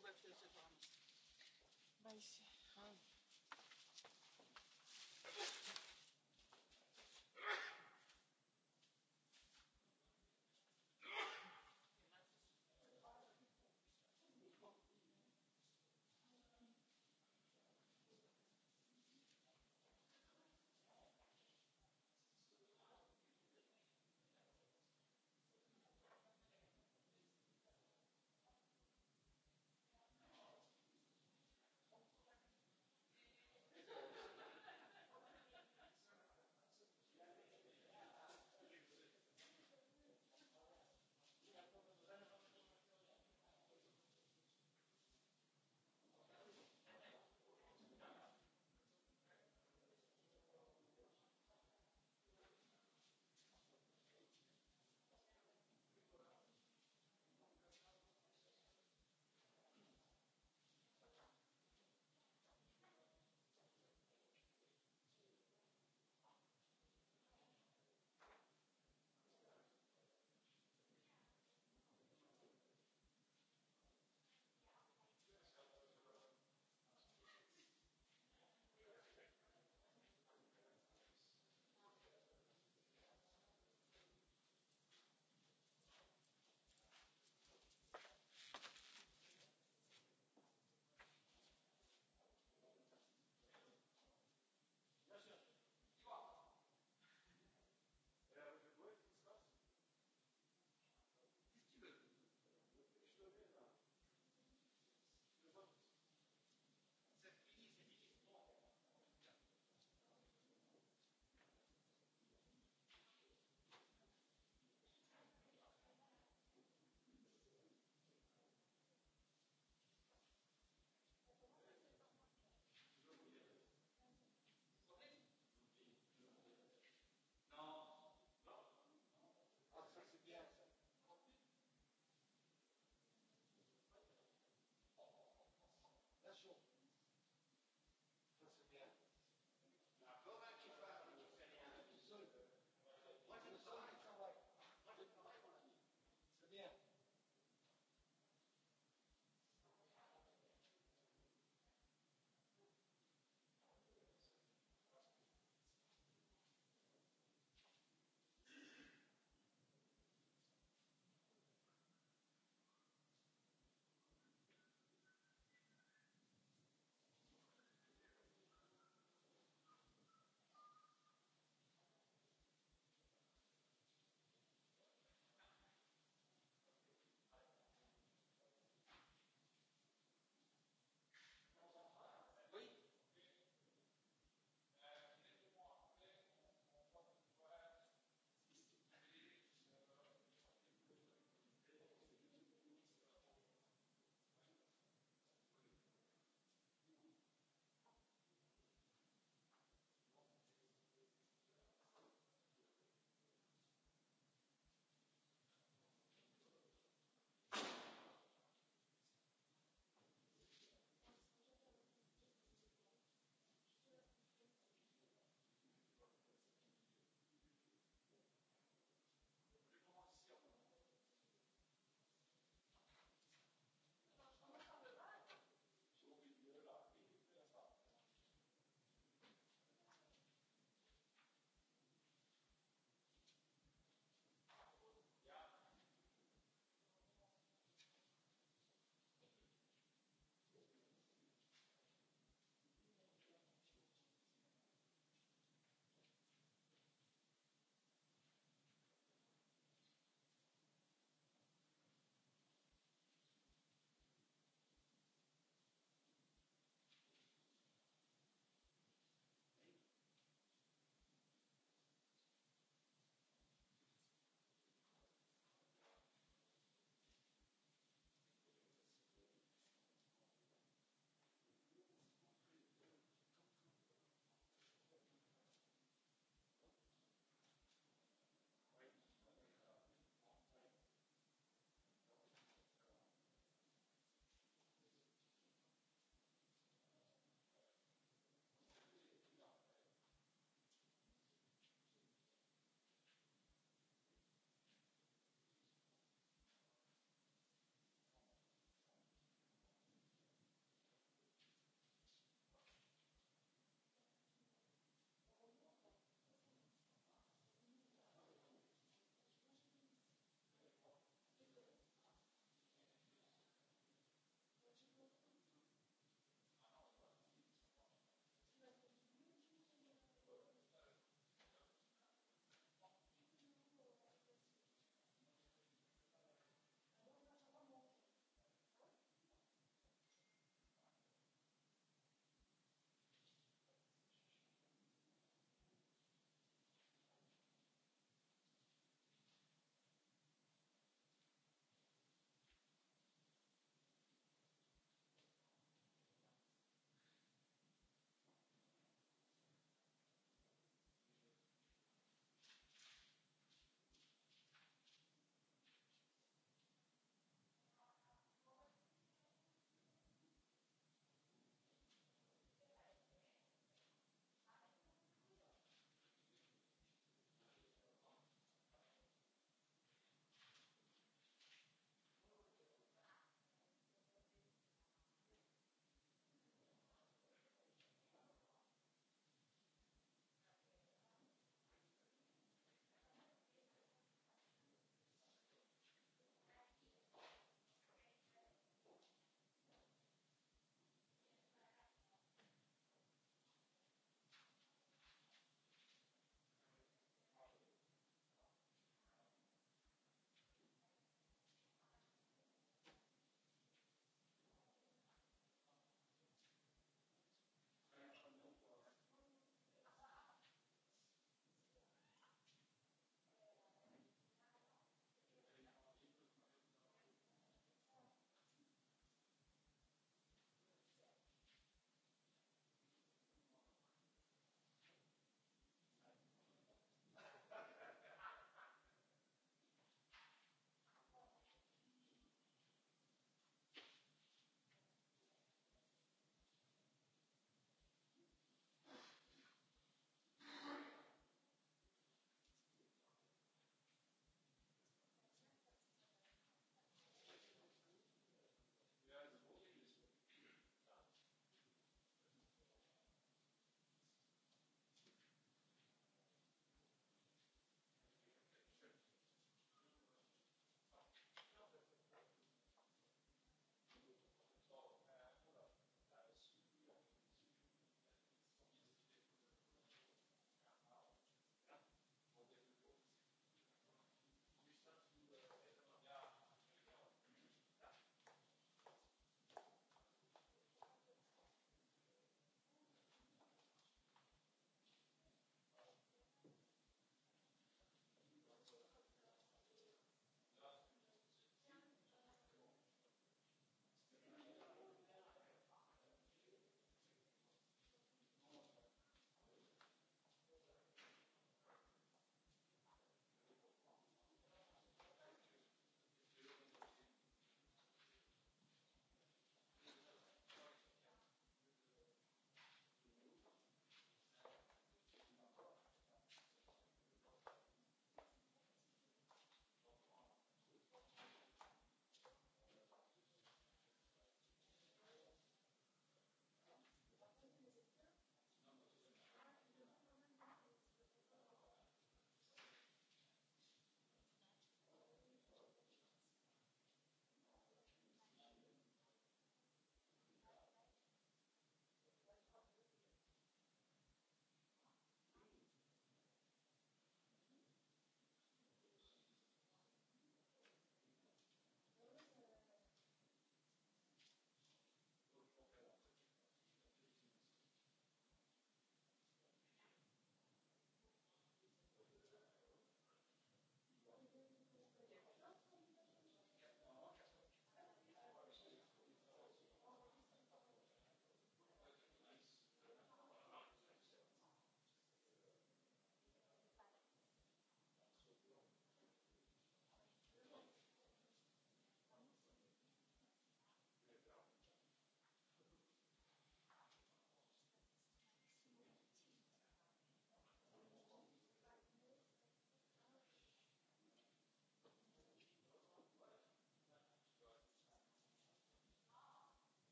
cu website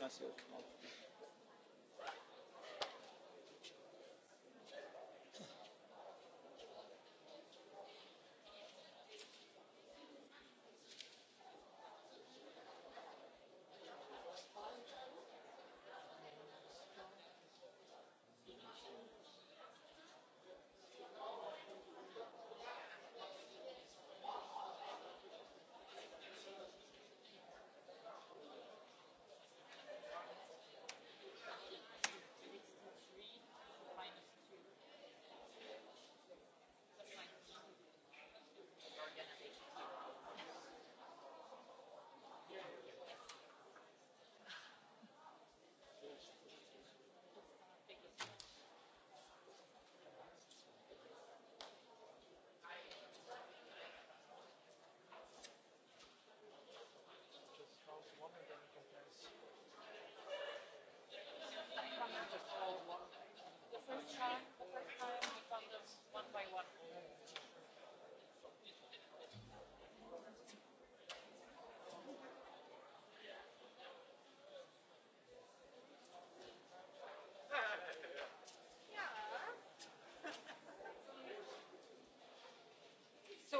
That's your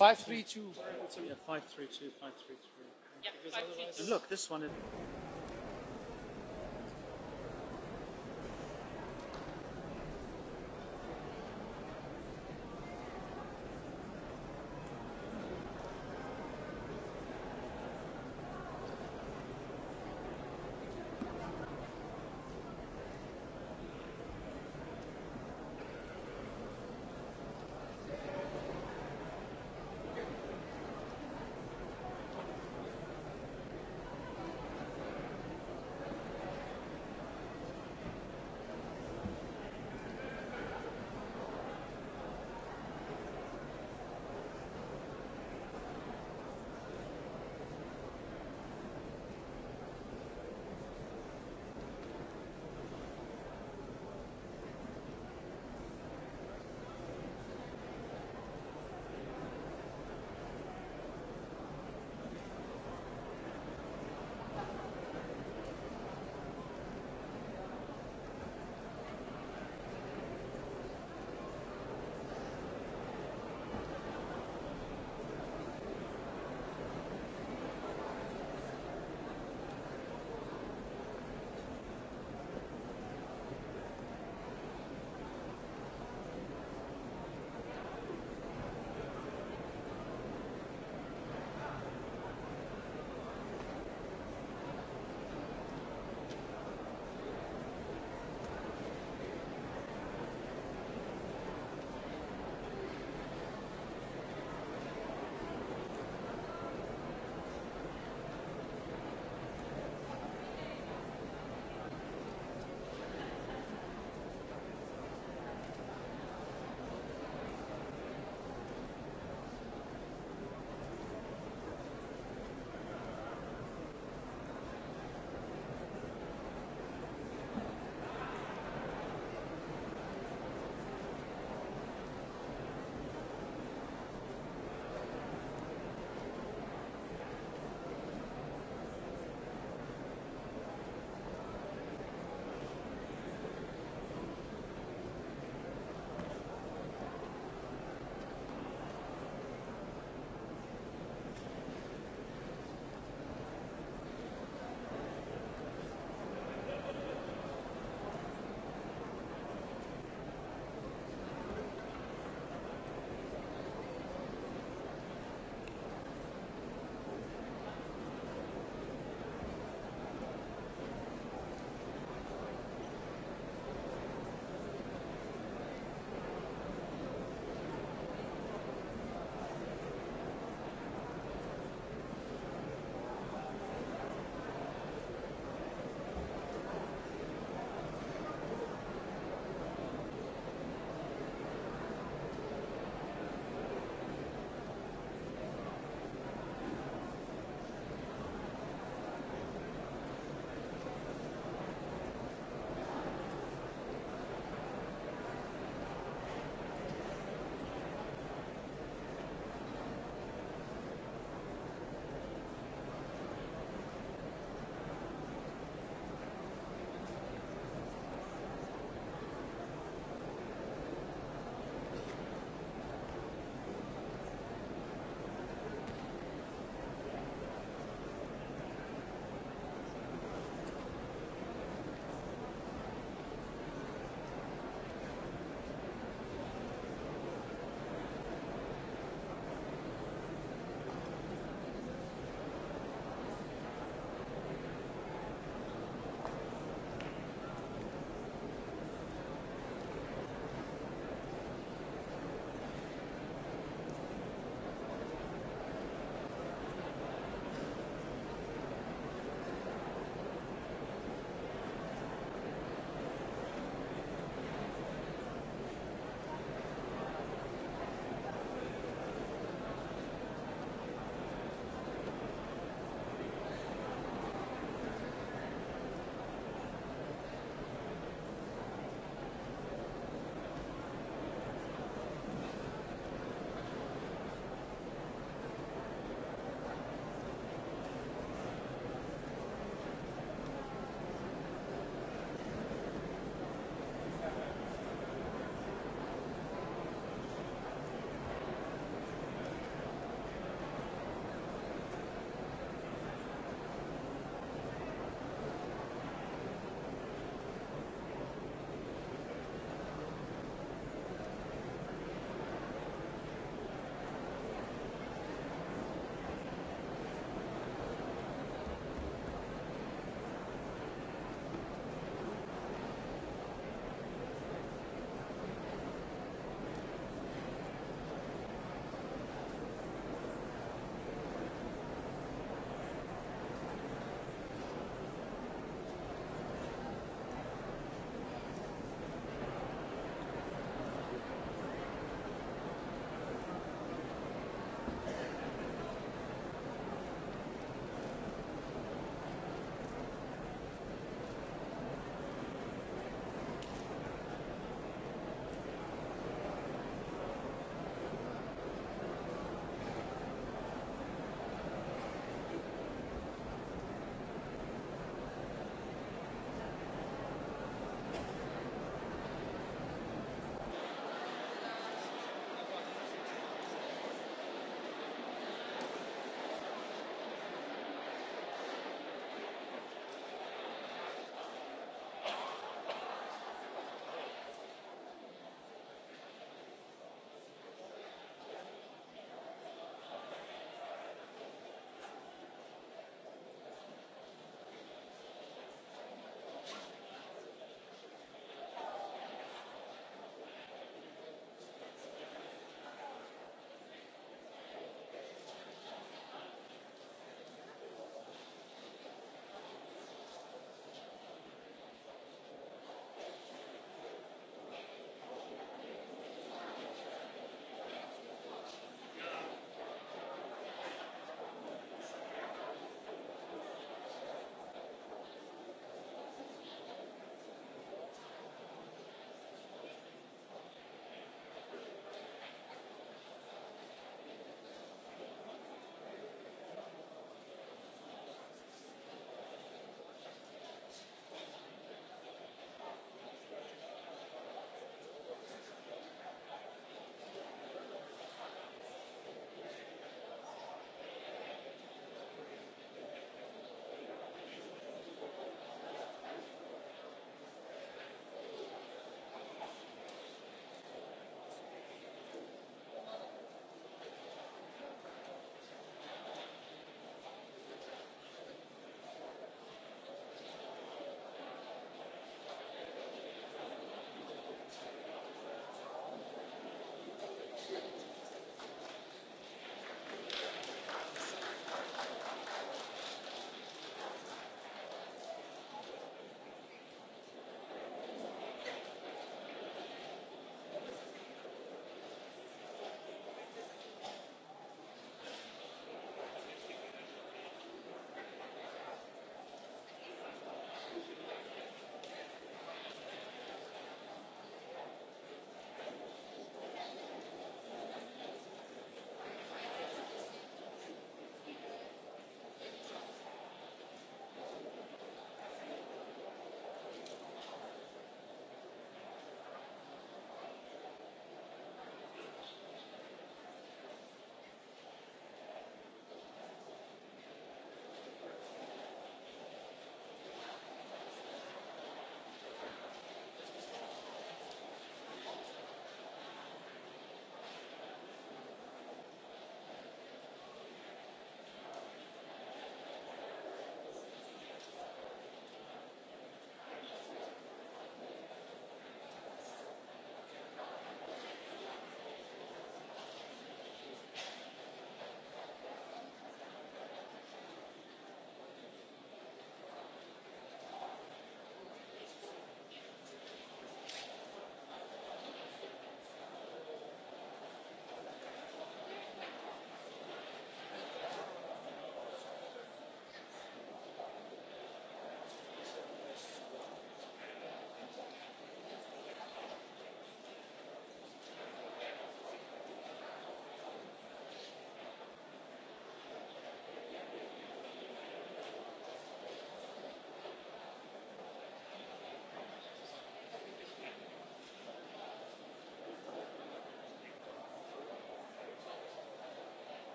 five three two. five three five three three. Look, this one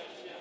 Hvala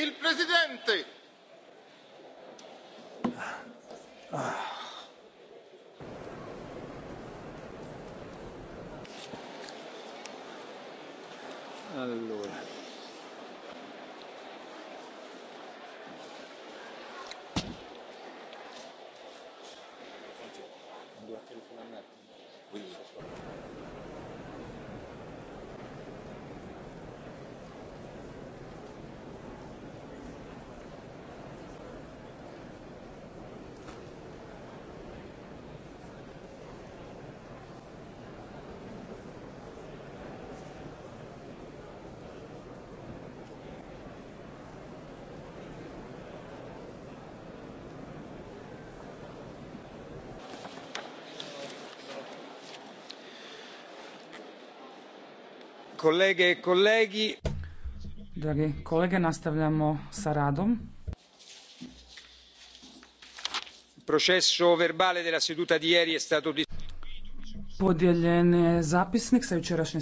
il presidente kolege i kolegi. Dragi kolege, nastavljamo sa radom. Processo verbale della seduta di ieri è stato Podijeljen je zapisnik sa jučerašnje